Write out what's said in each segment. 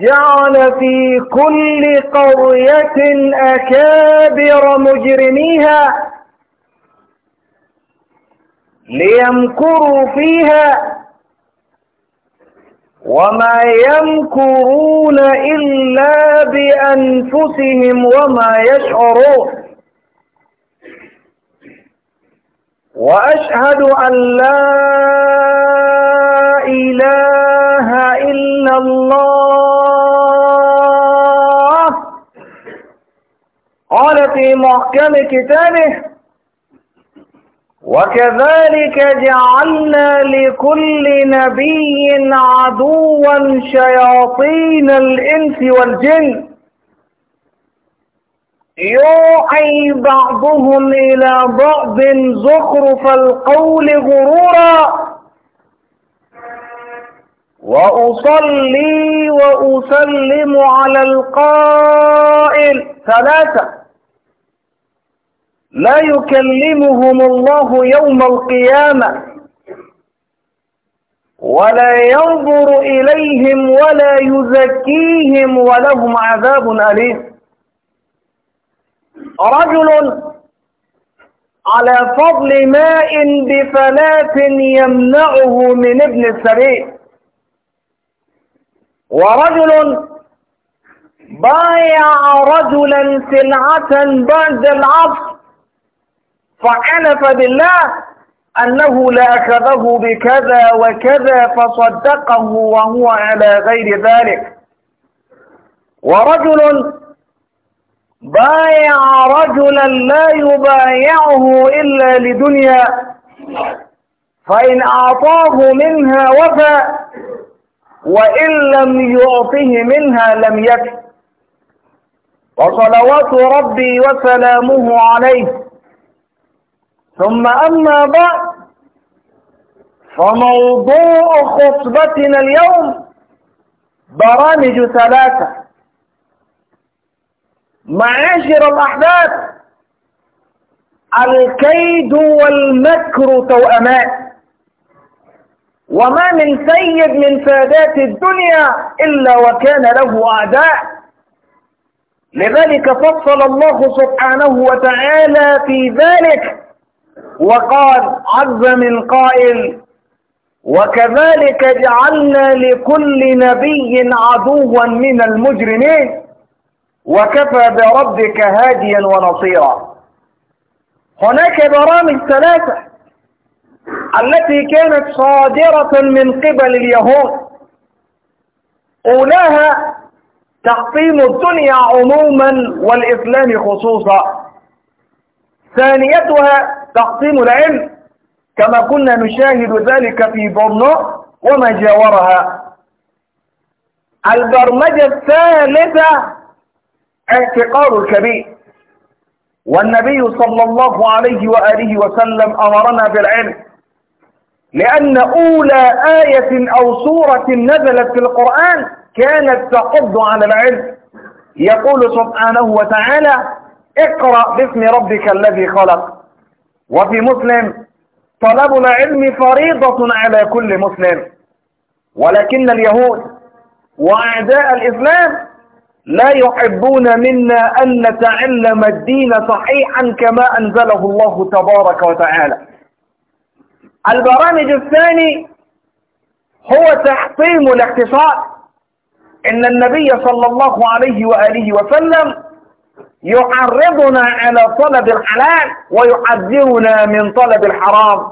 جعل في كل قرية أكابر مجرميها ليمكروا فيها وما يمكرون إلا بأنفسهم وما يشعرون وأشهد أن لا إله إلا الله قال في محكم كتابه وكذلك جعلنا لكل نبي عدوا شياطين الإنس والجن يوحي بعضهم إلى بعض زخرف القول غرورا وأصلي وأسلم على القائل ثلاثة لا يكلمهم الله يوم القيامة ولا ينظر إليهم ولا يزكيهم ولهم عذاب أليم رجل على فضل ماء بفلاة يمنعه من ابن السبيل ورجل بايع رجلا سلعة بعد العصر فحلف بالله أنه لأخذه بكذا وكذا فصدقه وهو على غير ذلك ورجل بايع رجلا لا يبايعه إلا لدنيا فإن أعطاه منها وفى وإن لم يعطه منها لم يكن وصلوات ربي وسلامه عليه ثم أما بعد فموضوع خطبتنا اليوم برامج ثلاثة معاشر الأحداث الكيد والمكر توأمان وما من سيد من سادات الدنيا إلا وكان له أعداء لذلك فصل الله سبحانه وتعالى في ذلك وقال عز من قائل وكذلك جعلنا لكل نبي عدوا من المجرمين وكفى بربك هاديا ونصيرا هناك برامج ثلاثة التي كانت صادرة من قبل اليهود أولاها تحطيم الدنيا عموما والإسلام خصوصا ثانيتها تقسيم العلم كما كنا نشاهد ذلك في برنو وما جاورها البرمجة الثالثة اعتقاد الكبير والنبي صلى الله عليه وآله وسلم أمرنا بالعلم لأن أولى آية أو سورة نزلت في القرآن كانت تقض على العلم يقول سبحانه وتعالى اقرأ باسم ربك الذي خلق وفي مسلم طلب العلم فريضة على كل مسلم ولكن اليهود وأعداء الإسلام لا يحبون منا أن نتعلم الدين صحيحا كما أنزله الله تبارك وتعالى البرامج الثاني هو تحطيم الاقتصاد إن النبي صلى الله عليه وآله وسلم يعرضنا على طلب الحلال ويحذرنا من طلب الحرام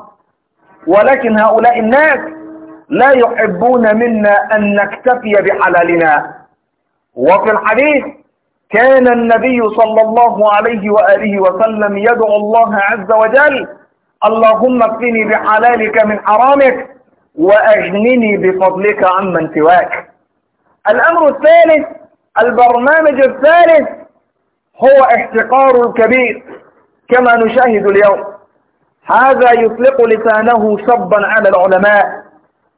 ولكن هؤلاء الناس لا يحبون منا أن نكتفي بحلالنا وفي الحديث كان النبي صلى الله عليه وآله وسلم يدعو الله عز وجل اللهم اكفني بحلالك من حرامك وأجنني بفضلك عمن سواك الأمر الثالث البرنامج الثالث هو احتقار كبير كما نشاهد اليوم هذا يطلق لسانه سبا على العلماء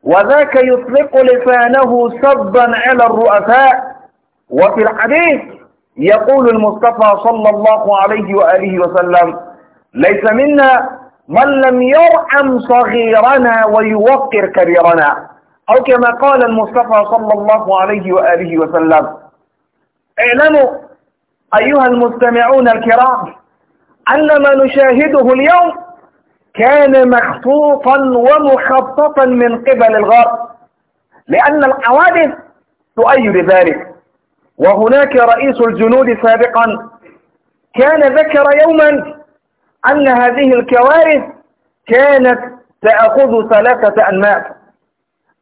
وذاك يطلق لسانه سبا على الرؤساء وفي الحديث يقول المصطفى صلى الله عليه وآله وسلم ليس منا من لم يرحم صغيرنا ويوقر كبيرنا أو كما قال المصطفى صلى الله عليه وآله وسلم اعلموا أيها المستمعون الكرام أن ما نشاهده اليوم كان مخطوطا ومخططا من قبل الغرب لأن الحوادث تؤيد ذلك وهناك رئيس الجنود سابقا كان ذكر يوما أن هذه الكوارث كانت تأخذ ثلاثة أنماط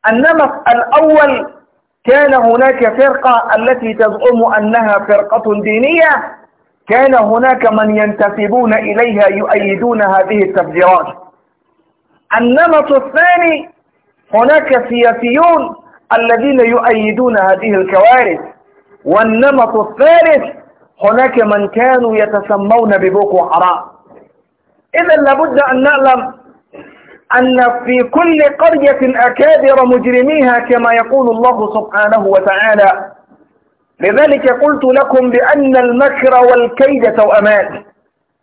النمط الأول كان هناك فرقة التي تزعم أنها فرقة دينية كان هناك من ينتسبون إليها يؤيدون هذه التفجيرات النمط الثاني هناك سياسيون الذين يؤيدون هذه الكوارث والنمط الثالث هناك من كانوا يتسمون ببوكو حرام إذا لابد أن نعلم أن في كل قرية أكابر مجرميها كما يقول الله سبحانه وتعالى لذلك قلت لكم بأن المكر والكيد توأمان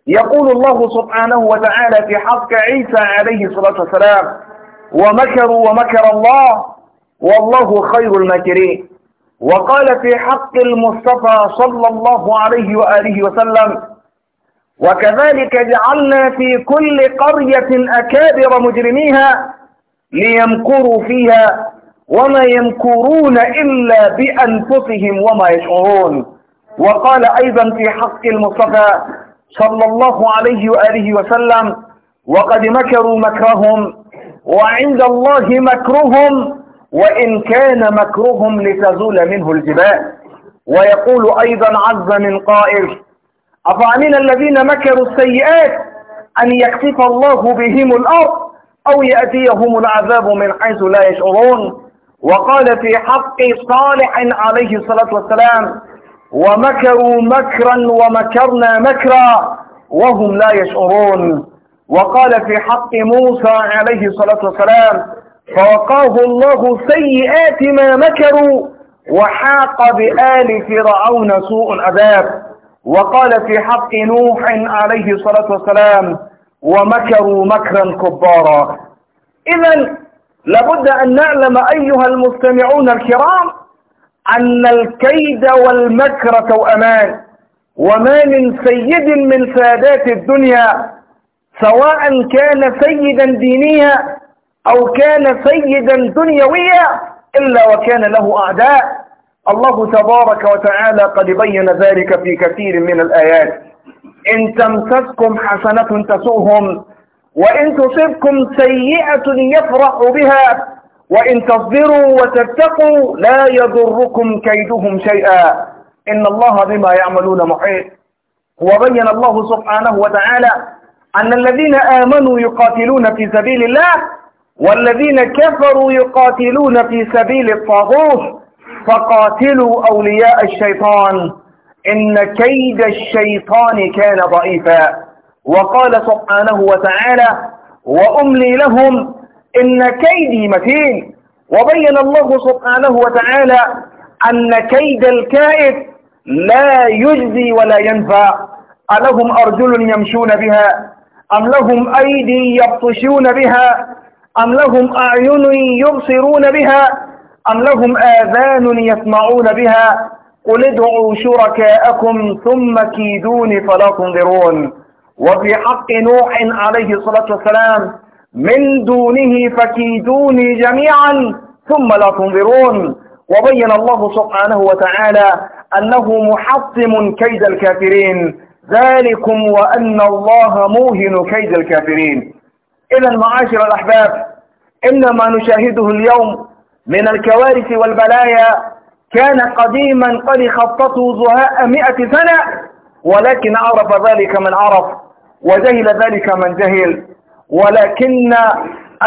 يقول الله سبحانه وتعالى في حق عيسى عليه الصلاة والسلام ومكروا ومكر الله والله خير المكرين وقال في حق المصطفى صلى الله عليه وآله وسلم وكذلك جعلنا في كل قرية أكابر مجرميها ليمكروا فيها وما يمكرون إلا بأنفسهم وما يشعرون وقال أيضا في حق المصطفى صلى الله عليه وآله وسلم وقد مكروا مكرهم وعند الله مكرهم وإن كان مكرهم لتزول منه الجبال ويقول أيضا عز من قائل أفعمل الذين مكروا السيئات أن يكفف الله بهم الأرض أو يأتيهم العذاب من حيث لا يشعرون وقال في حق صالح عليه الصلاة والسلام ومكروا مكرا ومكرنا مكرا وهم لا يشعرون وقال في حق موسى عليه الصلاة والسلام فوقاه الله سيئات ما مكروا وحاق بآل فرعون سوء العذاب وقال في حق نوح عليه الصلاة والسلام ومكروا مكرا كبارا إذا لابد أن نعلم أيها المستمعون الكرام أن الكيد والمكر توأمان وما من سيد من سادات الدنيا سواء كان سيدا دينيا أو كان سيدا دنيويا إلا وكان له أعداء الله تبارك وتعالى قد بين ذلك في كثير من الآيات إن تمسسكم حسنة تسوهم وإن تصبكم سيئة يفرح بها وإن تصبروا وتتقوا لا يضركم كيدهم شيئا إن الله بما يعملون محيط وبين الله سبحانه وتعالى أن الذين آمنوا يقاتلون في سبيل الله والذين كفروا يقاتلون في سبيل الطاغوت فقاتلوا أولياء الشيطان إن كيد الشيطان كان ضعيفا وقال سبحانه وتعالى وأملي لهم إن كيدي متين وبين الله سبحانه وتعالى أن كيد الكائد لا يجزي ولا ينفع ألهم أرجل يمشون بها أم لهم أيدي يبطشون بها أم لهم أعين يبصرون بها أم لهم آذان يسمعون بها قل ادعوا شركاءكم ثم كيدون فلا تنظرون وفي حق نوح عليه الصلاة والسلام من دونه فكيدوني جميعا ثم لا تنظرون وبين الله سبحانه وتعالى أنه محطم كيد الكافرين ذلكم وأن الله موهن كيد الكافرين إذا معاشر الأحباب إنما نشاهده اليوم من الكوارث والبلايا كان قديما قد خطته زهاء مئة سنة ولكن عرف ذلك من عرف وجهل ذلك من جهل ولكن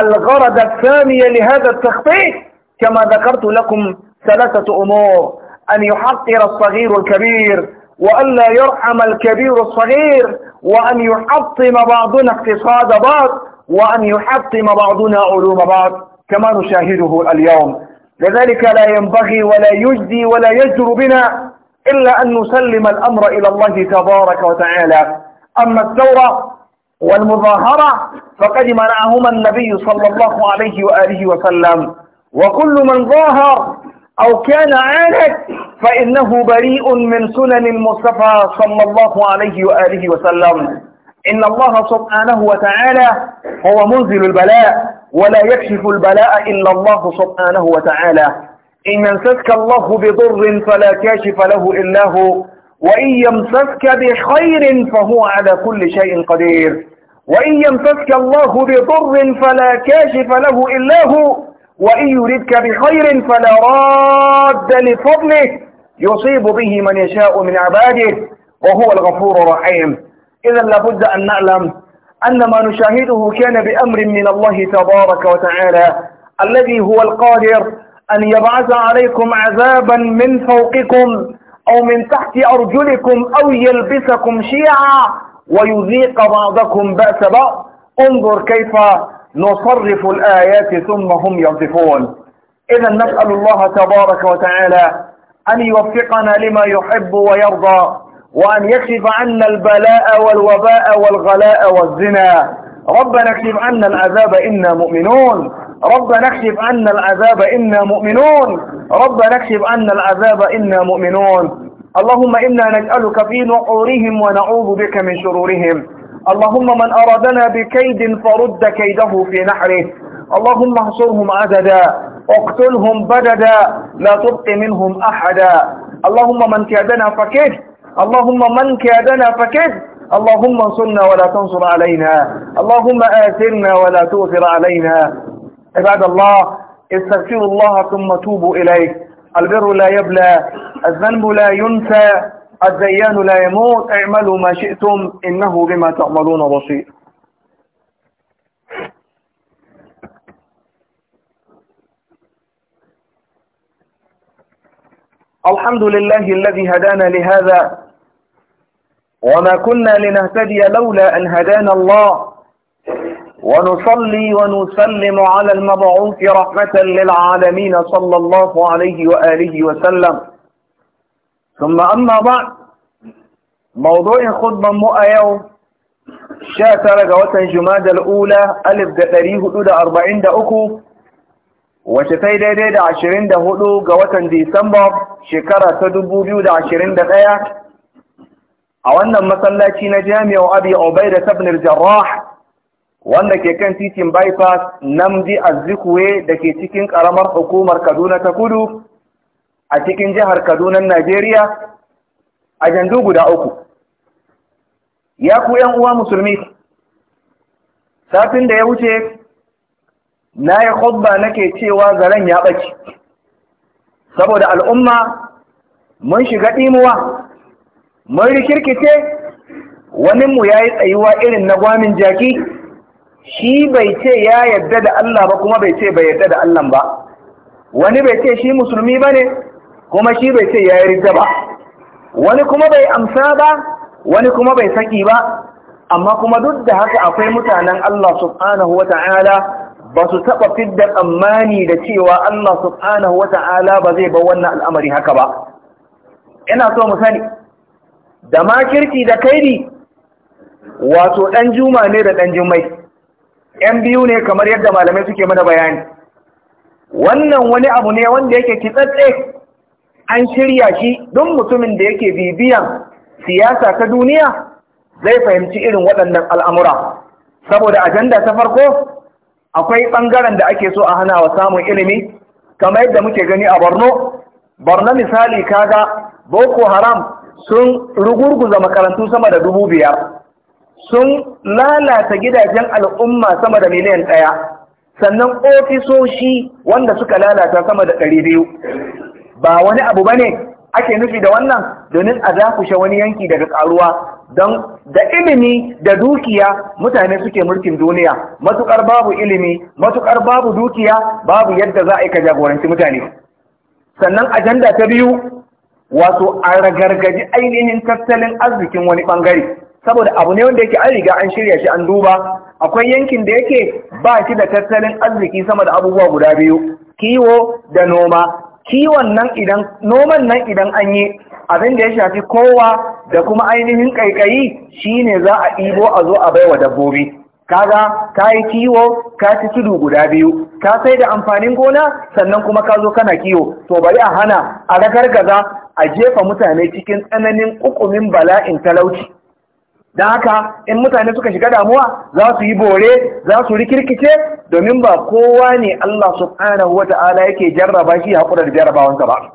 الغرض الثاني لهذا التخطيط كما ذكرت لكم ثلاثة أمور أن يحقر الصغير الكبير وألا يرحم الكبير الصغير وأن يحطم بعضنا اقتصاد بعض وأن يحطم بعضنا علوم بعض كما نشاهده اليوم لذلك لا ينبغي ولا يجدي ولا يجدر بنا إلا أن نسلم الأمر إلى الله تبارك وتعالى أما الثورة والمظاهرة فقد منعهما النبي صلى الله عليه وآله وسلم وكل من ظاهر أو كان عاند فإنه بريء من سنن المصطفى صلى الله عليه وآله وسلم إن الله سبحانه وتعالى هو منزل البلاء ولا يكشف البلاء إلا الله سبحانه وتعالى إن يمسسك الله بضر فلا كاشف له إلا هو وإن يمسسك بخير فهو على كل شيء قدير وإن يمسسك الله بضر فلا كاشف له إلا هو وإن يردك بخير فلا راد لفضله يصيب به من يشاء من عباده وهو الغفور الرحيم إذا لابد أن نعلم أن ما نشاهده كان بأمر من الله تبارك وتعالى الذي هو القادر أن يبعث عليكم عذابا من فوقكم أو من تحت أرجلكم أو يلبسكم شيعا ويذيق بعضكم بأس بعض انظر كيف نصرف الآيات ثم هم يصفون إذا نسأل الله تبارك وتعالى أن يوفقنا لما يحب ويرضى وأن يكشف عنا البلاء والوباء والغلاء والزنا ربنا اكشف عنا العذاب إنا مؤمنون ربنا اكشف عنا العذاب إنا مؤمنون ربنا اكشف عنا العذاب إنا مؤمنون اللهم إنا نجألك في نحورهم ونعوذ بك من شرورهم اللهم من أرادنا بكيد فرد كيده في نحره اللهم احصرهم عددا اقتلهم بددا لا تبق منهم أحدا اللهم من كادنا فكيد اللهم من كادنا فكد اللهم انصرنا ولا تنصر علينا اللهم آثرنا ولا تؤثر علينا عباد الله استغفروا الله ثم توبوا إليه البر لا يبلى الذنب لا ينسى الديان لا يموت اعملوا ما شئتم إنه بما تعملون بصير الحمد لله الذي هدانا لهذا وما كنا لنهتدي لولا أن هدانا الله ونصلي ونسلم على المبعوث رحمة للعالمين صلى الله عليه وآله وسلم ثم أما بعد موضوع خطبة مؤى يوم شاتر جوات جماد الأولى ألف دقريه دود أربعين دقو وشتي دي عشرين دقو جواتا ديسمبر شكرة تدبو بيود عشرين دقائق a wannan masallaci na jami'a abi obai da sabnir jarrah wanda ke kan titin bypass a azzikwe da ke cikin karamar hukumar kaduna ta kudu a cikin jihar kaduna najeriya a jandu guda uku ya ku yan uwa musulmi satin da ya wuce na yi khutba nake cewa zaren ya ɓaci saboda al'umma mun shiga ɗimuwa mun rikirkice waninmu ya yi tsayuwa irin na gwamin jaki shi bai ce ya yadda da Allah ba kuma bai ce bai yadda da Allah ba wani bai ce shi musulmi ba ne kuma shi bai ce ya yi rijja ba wani kuma bai amsa ba wani kuma bai saki ba amma kuma duk da haka akwai mutanen Allah subhanahu wa ta'ala ba su taɓa fidda tsammani da cewa Allah subhanahu wa ta'ala ba zai bar wannan al'amari haka ba ina so mu sani da kirki da kaidi wato ɗan juma ne da ɗan jummai ‘yan biyu ne kamar yadda malamai suke mana bayani wannan wani abu ne wanda yake kitsatse an shirya shi don mutumin da yake bibiyan siyasa ta duniya zai fahimci irin waɗannan al'amura saboda ajanda ta farko akwai ɓangaren da ake so a hana wa samun ilimi kamar yadda muke gani a borno borno misali kaga boko haram sun rugurguza makarantu sama da dubu biyar sun lalata gidajen al'umma sama da miliyan ɗaya sannan ofisoshi wanda suka lalata sama da ɗari biyu ba wani abu ba ne ake nufi da wannan domin a zafushe wani yanki daga ƙaruwa don da ilimi da dukiya mutane suke mulkin duniya matuƙar babu ilimi matuƙar babu dukiya babu yadda za a yi ka jagoranci mutane sannan ajanda ta biyu wato an ragargaji ainihin tattalin arzikin wani bangare saboda abu ne wanda yake an riga an shirya shi an duba akwai yankin da yake ba shi da tattalin arziki sama da abubuwa guda biyu kiwo da noma kiwon nan idan noman nan idan an yi abin da ya shafi kowa da kuma ainihin kaikayi shine za a ibo a zo a baiwa dabbobi kaga ka yi kiwo ka ci tudu guda biyu ka sai da amfanin gona sannan kuma ka zo kana kiwo to bari a hana a ragargaza a jefa mutane cikin tsananin ƙuƙumin bala'in talauci Da haka in mutane suka shiga damuwa za su yi bore za su rikirkice domin ba kowa ne Allah subhanahu Ta'ala yake jarraba shi haƙura da jarrabawansa ba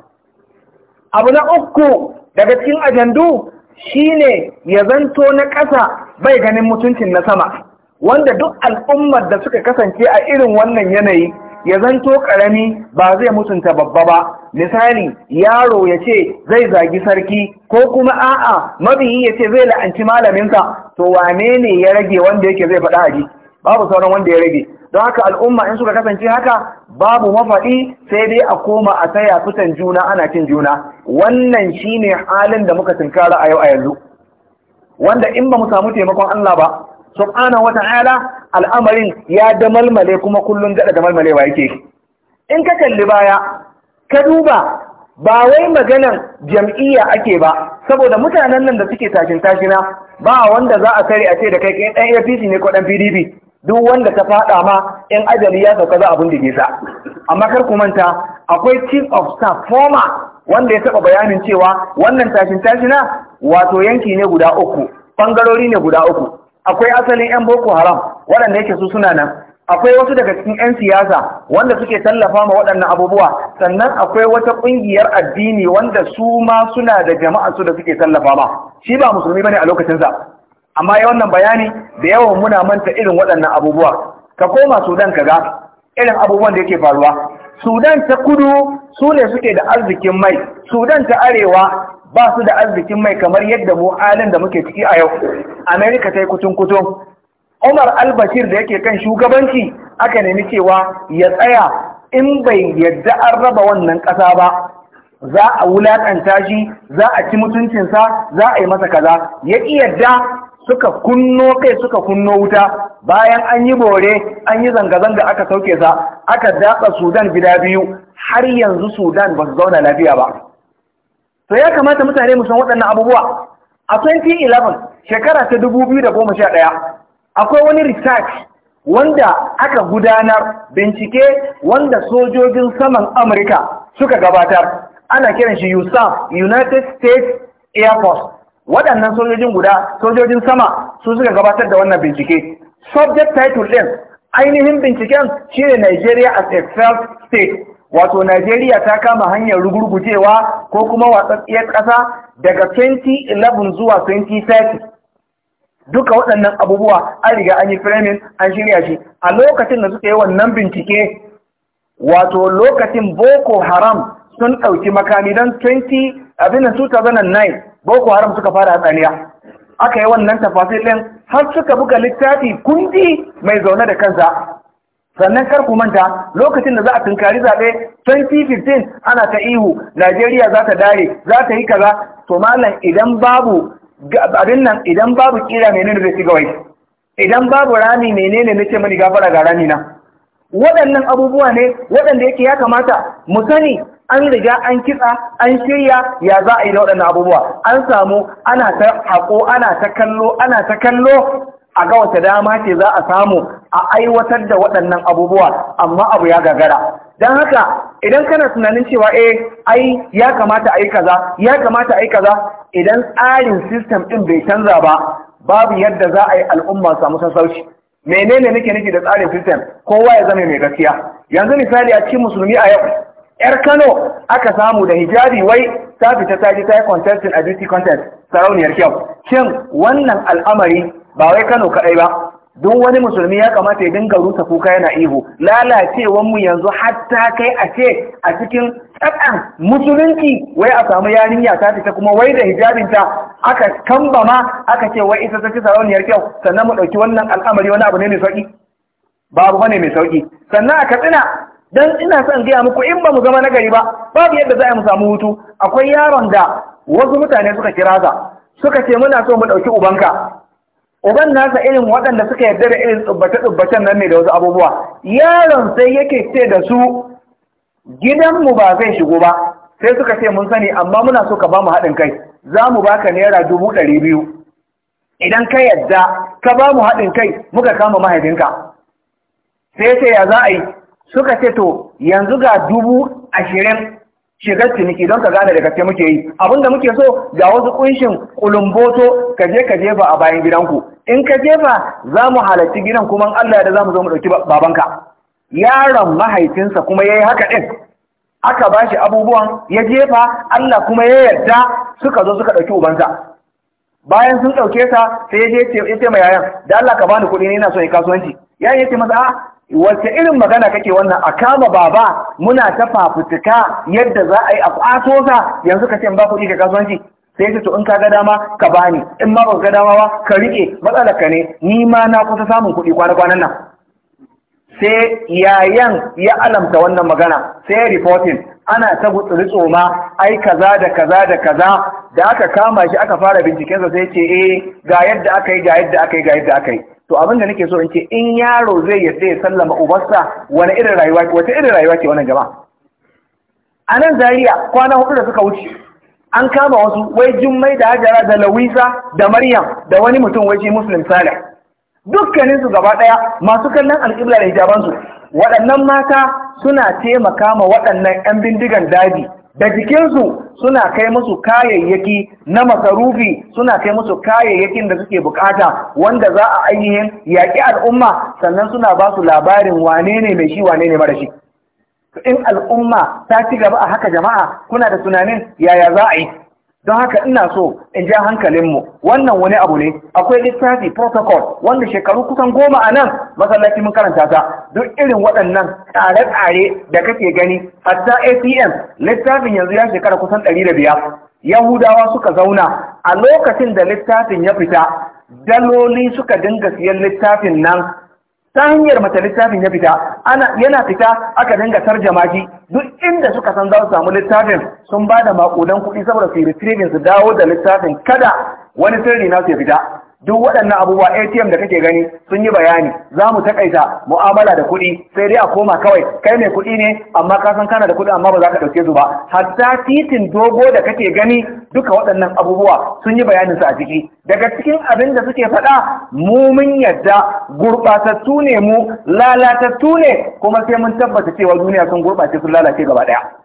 abu na uku daga cikin ajandu shine ya zanto na ƙasa bai ganin mutuncin na sama wanda duk al'ummar da suka kasance a irin wannan yanayi ya zanto karami ba zai mutunta babba ba misali yaro ya ce zai zagi sarki ko kuma a'a mabiyi ya ce zai la'anci malaminsa to wane ne ya rage wanda yake zai faɗa aji babu sauran wanda ya rage don haka al'umma in suka kasance haka babu mafaɗi sai dai a koma a saya fitan juna ana cin juna wannan shi ne halin da muka tunkara a yau a yanzu wanda in ba mu samu taimakon Allah ba subhanahu wata'ala al'amarin ya da malmale kuma kullum daɗa wa yake in ka kalli baya ka duba ba wai maganan jam'iyya ake ba saboda mutanen nan da suke tashin tashina ba wanda za a kare a ce da kai ɗan APC ne ko ɗan PDP duk wanda ta faɗa ma 'yan ajali ya sauka za a bindige sa amma kar ku manta akwai chief of staff former wanda ya taɓa bayanin cewa wannan tashin tashina wato yanki ne guda uku ɓangarori ne guda uku akwai asalin yan boko haram waɗanda yake su suna nan akwai wasu daga cikin 'yan siyasa wanda suke tallafa ma waɗannan abubuwa sannan akwai wata ƙungiyar addini wanda su ma suna da jama'a su da suke tallafa ma shi ba musulmi bane a lokacinsa amma yi wannan bayani da yawan muna manta irin waɗannan abubuwa ka koma sudan ka ga irin abubuwan da yake faruwa sudan ta kudu su ne suke da arzikin mai sudan ta arewa ba su da arzikin mai kamar yadda mu halin da muke ciki a yau amerika ta yi kutun kutun Umar al-Bashir da yake kan shugabanci aka nemi cewa ya tsaya in bai yadda an raba wannan ƙasa ba za a wulaƙanta shi za a ci mutuncinsa za a yi masa kaza ya ƙi yadda suka kunno kai suka kunno wuta bayan an yi bore an yi zanga-zanga aka sauke sa aka datsa sudan gida biyu har yanzu sudan ba su zauna lafiya ba to ya kamata mutane mu san waɗannan abubuwa a 2011 shekara ta 2011 akwai wani research wanda aka gudanar bincike wanda sojojin saman Amurka suka gabatar ana kiran shi USAF United States Air Force waɗannan sojojin guda sojojin sama su suka gabatar da wannan bincike subject title ɗin ainihin binciken shine Nigeria as a failed state wato Nigeria ta kama hanyar rugurgujewa ko kuma watsattsiyar ƙasa daga 2011 zuwa 2030 duka waɗannan abubuwa an riga an yi firamin, an shirya shi a lokacin da suka yi wannan bincike wato lokacin boko haram sun ɗauki makami don 20 abin 2009 boko haram suka fara tsaniya aka yi wannan ɗin har suka buga littafi kundi mai zaune da kansa sannan karku manta lokacin da za a tunkari zaɓe 2015 ana ta ihu Najeriya za ta dare za ta yi kaza to malam idan babu abin nan idan babu kira menene zai shiga idan babu rami menene nace mani gafara ga rami na waɗannan abubuwa ne waɗanda yake ya kamata mu sani an riga an kitsa an shirya ya za a yi da waɗannan abubuwa an samu ana ta haƙo ana ta kallo ana ta kallo a ga wata dama ce za a samu a aiwatar da waɗannan abubuwa amma abu ya gagara don haka idan kana tunanin cewa eh ai ya kamata ai kaza ya kamata ai kaza idan tsarin system din bai canza ba babu yadda za a yi al'umma samu sassauci menene nake nake da tsarin system kowa ya zama mai gaskiya yanzu misali a cikin musulmi a yau yar Kano aka samu da hijabi wai ta fita ta ji ta yi contesting a beauty contest sarauniyar kyau shin wannan al'amari ba wai Kano kaɗai ba duk wani musulmi ya kamata ya dinga rusa kuka yana ihu lalacewan mu yanzu hatta kai a ce a cikin tsakan musulunci wai a samu yarinya ta fita kuma wai da hijabinta aka kamba ma aka ce wai isa ta sarauniyar kyau sannan mu ɗauki wannan al'amari wani abu ne mai sauƙi babu bane mai sauƙi sannan a katsina dan ina son gaya muku in ba mu zama nagari ba babu yadda za a mu samu hutu akwai yaron da wasu mutane suka kira sa suka ce muna so mu ɗauki ubanka uban nasa irin waɗanda suka yarda da irin tsubbace-tsubbacen nan ne da wasu abubuwa yaron sai yake ce da su gidanmu ba zai shigo ba sai suka ce mun sani amma muna so ka ba haɗin kai za mu baka naira dubu ɗari biyu idan ka yarda ka bamu haɗin kai muka kama mahaifinka sai ce ya za a yi suka ce to yanzu ga dubu ashirin shigar ciniki don ka gane da gaske muke yi abinda muke so ga wasu kunshin kulumboto ka je ka jefa a bayan gidanku in ka jefa za mu halarci gidan kuma Allah ya da za mu zo mu ɗauki babanka yaron mahaifinsa kuma ya yi haka ɗin aka ba shi abubuwan ya jefa Allah kuma ya yarda suka zo suka ɗauki ubansa bayan sun ɗauke sa sai ya je ya ce mai yayan da Allah ka bani kuɗi ne ina so yi kasuwanci yayan ya ce masa a wace irin magana kake wannan a kama baba muna ta fafutuka yadda za a yi a kwaso sa yanzu ka ce ba kuɗi ka kasuwanci sai ce to in ka ga dama ka bani in ma ba ka ga dama ba ka rike matsalar ka ne ni ma na kusa samun kuɗi kwana kwanan nan sai yayan ya alamta wannan magana sai reporting ana ta gutsuri tsoma ai kaza da kaza da kaza da aka kama shi aka fara bincikensa sai ce eh ga yadda aka yi ga yadda aka yi ga yadda aka yi to abin da nake so in ce in yaro zai yadda ya sallama ubarsa wani irin rayuwa wata irin rayuwa ce wannan jama'a a nan zaria kwana hudu da suka wuce an kama wasu wai jummai da hajara da lawisa da maryam da wani mutum wai shi muslim salih dukkanin su gaba daya masu kallon alƙibla da hijaban waɗannan mata suna taimaka ma waɗannan yan bindigan daji da jikinsu suna kai musu kayayyaki na masarufi suna kai musu kayayyakin da suke bukata wanda za a ainihin yaƙi al'umma sannan suna ba su labarin wane ne mai shi wane ne mara shi in al'umma ta ci gaba a haka jama'a kuna da tunanin yaya za a yi don haka ina so in ja hankalinmu wannan wani abu ne akwai littafi protocol wanda shekaru kusan goma a nan masallaci mun karanta ta duk irin waɗannan tsare-tsare da kake gani hatta ACM, littafin yanzu ya shekara kusan ɗari da biyar yahudawa suka zauna a lokacin da littafin ya fita daloli suka dinga siyan littafin nan ta hanyar mata littafin ya fita ana yana fita aka dinga tarjama shi duk inda suka san za su samu littafin sun ba da makudan kuɗi saboda su yi retrieving su dawo da littafin kada wani sirri na su ya fita duk waɗannan abubuwa ATM da kake gani sun yi bayani za mu taƙaita mu'amala da kuɗi sai dai a koma kawai kai mai kuɗi ne amma ka san kana da kuɗi amma ba za ka ɗauke su ba hatta titin dogo da kake gani duka waɗannan abubuwa sun yi bayanin su a ciki daga cikin abin da suke faɗa mu mun yadda gurɓatattu ne mu lalatattu ne kuma sai mun tabbata cewa duniya sun gurɓace sun lalace gaba ɗaya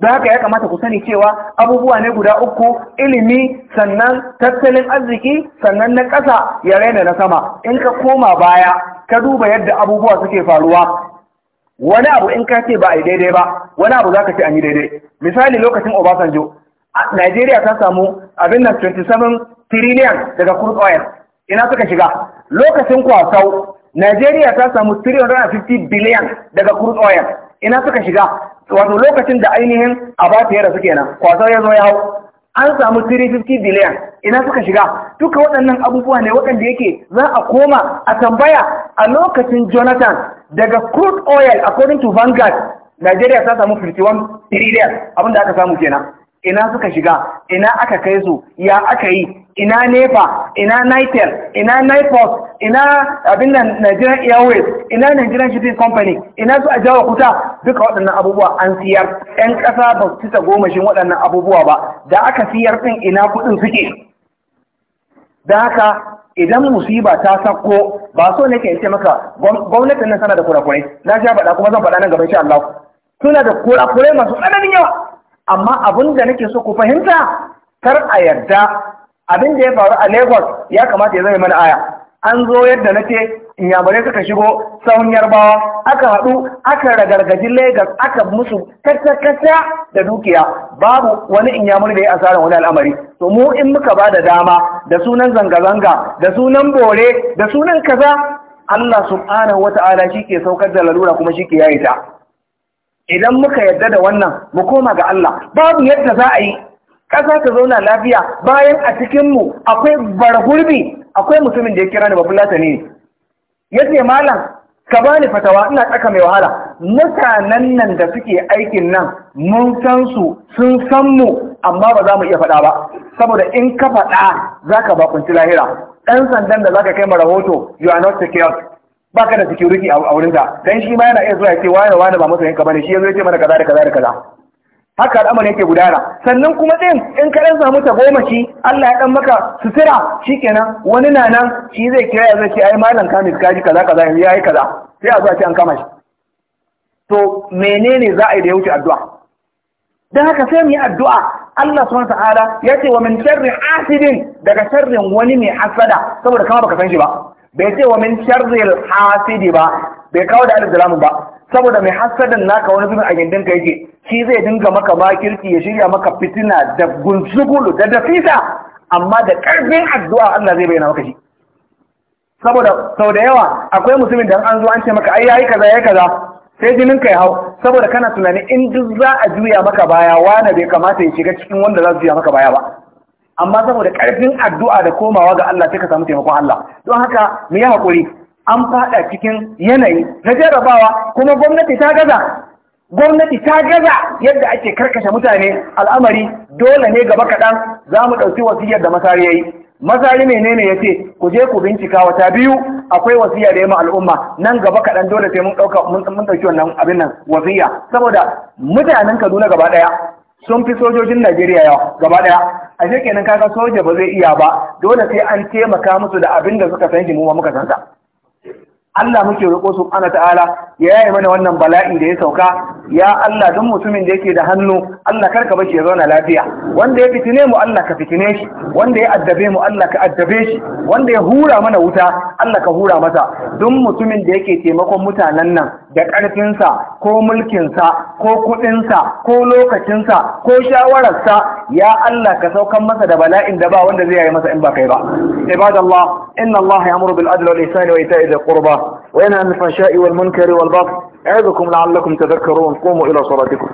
don haka ya kamata ku sani cewa abubuwa ne guda uku ilimi sannan tattalin arziki sannan na ƙasa ya raina na sama in ka koma baya ka duba yadda abubuwa suke faruwa wani abu in ka ce ba a yi daidai ba wani abu za ka ce an yi daidai misali lokacin obasanjo Najeriya ta samu abin nan 27 trillion daga crude oil ina suka shiga lokacin kwasau Najeriya ta samu 350 billion daga crude oil ina suka shiga wato lokacin da ainihin a ba ta yara suke nan kwaso ya zo ya hau an samu 350 biliyan ina suka shiga duka waɗannan abubuwa ne waɗanda yake za a koma a tambaya a lokacin jonathan daga crude oil according to vanguard nigeria ta samu 51 trillion abinda aka samu kenan ina suka shiga ina aka kai su ya aka yi ina nepa ina nitel ina nipos ina abin nan nigerian airways ina nigerian shipping company ina su a jawo kuta duka waɗannan abubuwa an siyar yan ƙasa ba su ta gomashin waɗannan abubuwa ba da aka siyar ɗin ina kuɗin suke da haka idan musiba ta sako ba so ne in ce maka gwamnatin nan tana da kurakurai na sha faɗa kuma zan faɗa nan gaba insha Allah suna da kurakurai masu tsananin yawa amma abin da nake so ku fahimta kar a yarda abin da ya faru a Lagos ya kamata ya zama mana aya an zo yadda nake inyamurai suka shigo sahun yarbawa aka haɗu aka ragargaji Lagos aka musu kasa-kasa da dukiya babu wani inyamuri da ya asarar wani al'amari to mu in muka ba da dama da sunan zanga-zanga da sunan bore da sunan kaza Allah subhanahu Ta'ala shi ke saukar da lalura kuma shi ke yayi ta idan muka yadda da wannan mu koma ga Allah babu yadda za a yi ƙasa ta zauna lafiya bayan a cikinmu akwai barhurbi akwai mutumin da ya kira ni babu ne ya ce malam ka bani fatawa ina tsaka mai wahala mutanen nan da suke aikin nan mun san su sun san mu amma ba za mu iya faɗa ba saboda in ka faɗa za ka bakunci lahira ɗan sandan da za ka kai ma rahoto you are not secure ba ka da security a da dan shi ma yana iya zuwa ya ce wani wani ba masoyinka bane shi yazo ya ce mana kaza da kaza da kaza haka al'amarin yake gudana sannan kuma din in ka dan samu shi, Allah ya dan maka sutura shikenan wani na nan shi zai kira ya zai ce ai malam miska kaji kaza kaza ya yi kaza sai a zuwa ce an kama shi to menene za a yi da ya wuce addu'a dan haka sai mu yi addu'a Allah subhanahu wataala ya ce wa min sharri asidin daga sharrin wani mai hasada saboda kama baka san shi ba bai ce wa min sharril hasidi ba bai kawo da alzalamu ba saboda mai hasadin naka wani zubin a gindin ka yake shi zai dinga maka makirki ya shirya maka fitina da gunzugulu da dafisa amma da karfin addu'a Allah zai bayyana maka shi saboda sau da yawa akwai musulmin da an zo an ce maka ai yayi kaza yayi kaza sai jinin ka ya hau saboda kana tunani in duk za a juya maka baya wani bai kamata ya shiga cikin wanda za su juya maka baya ba amma saboda ƙarfin addu'a da komawa ga Allah sai ka samu taimakon Allah don haka mu yi haƙuri an faɗa cikin yanayi na jarrabawa kuma gwamnati ta gaza gwamnati ta gaza yadda ake karkashe mutane al'amari dole ne gaba kaɗan za mu ɗauki wasiyar da masari ya yi masari menene ya ce ku je ku bincika wata biyu akwai wasiya da yamma al'umma nan gaba kaɗan dole sai mun ɗauka mun ɗauki wannan abin nan wasiya saboda mutanen kaduna gaba ɗaya sun fi sojojin najeriya yawa gaba ɗaya A ashe kenan kaga soja ba zai iya ba dole sai an taimaka musu da abin da suka san shi mu ma muka san sa Allah muke roƙo subhanahu ta'ala ya yi mana wannan bala'i da ya sauka ya Allah duk mutumin da yake da hannu Allah karka bashi ya zauna lafiya wanda ya fitine mu Allah ka fitine shi wanda ya addabe mu Allah ka addabe shi wanda ya hura mana wuta Allah ka hura masa duk mutumin da yake taimakon mutanen nan da ƙarfinsa ko mulkinsa ko kuɗinsa ko lokacinsa ko shawararsa ya Allah ka saukan masa da bala'in da ba wanda zai yi masa in ba kai ba ibadallah inna Allah ya'muru bil adli wal ihsani wa ita'i dhil qurba wa yanha 'anil fahsha'i wal munkari wal baghi ya'idukum la'allakum tadhakkarun qumu ila salatikum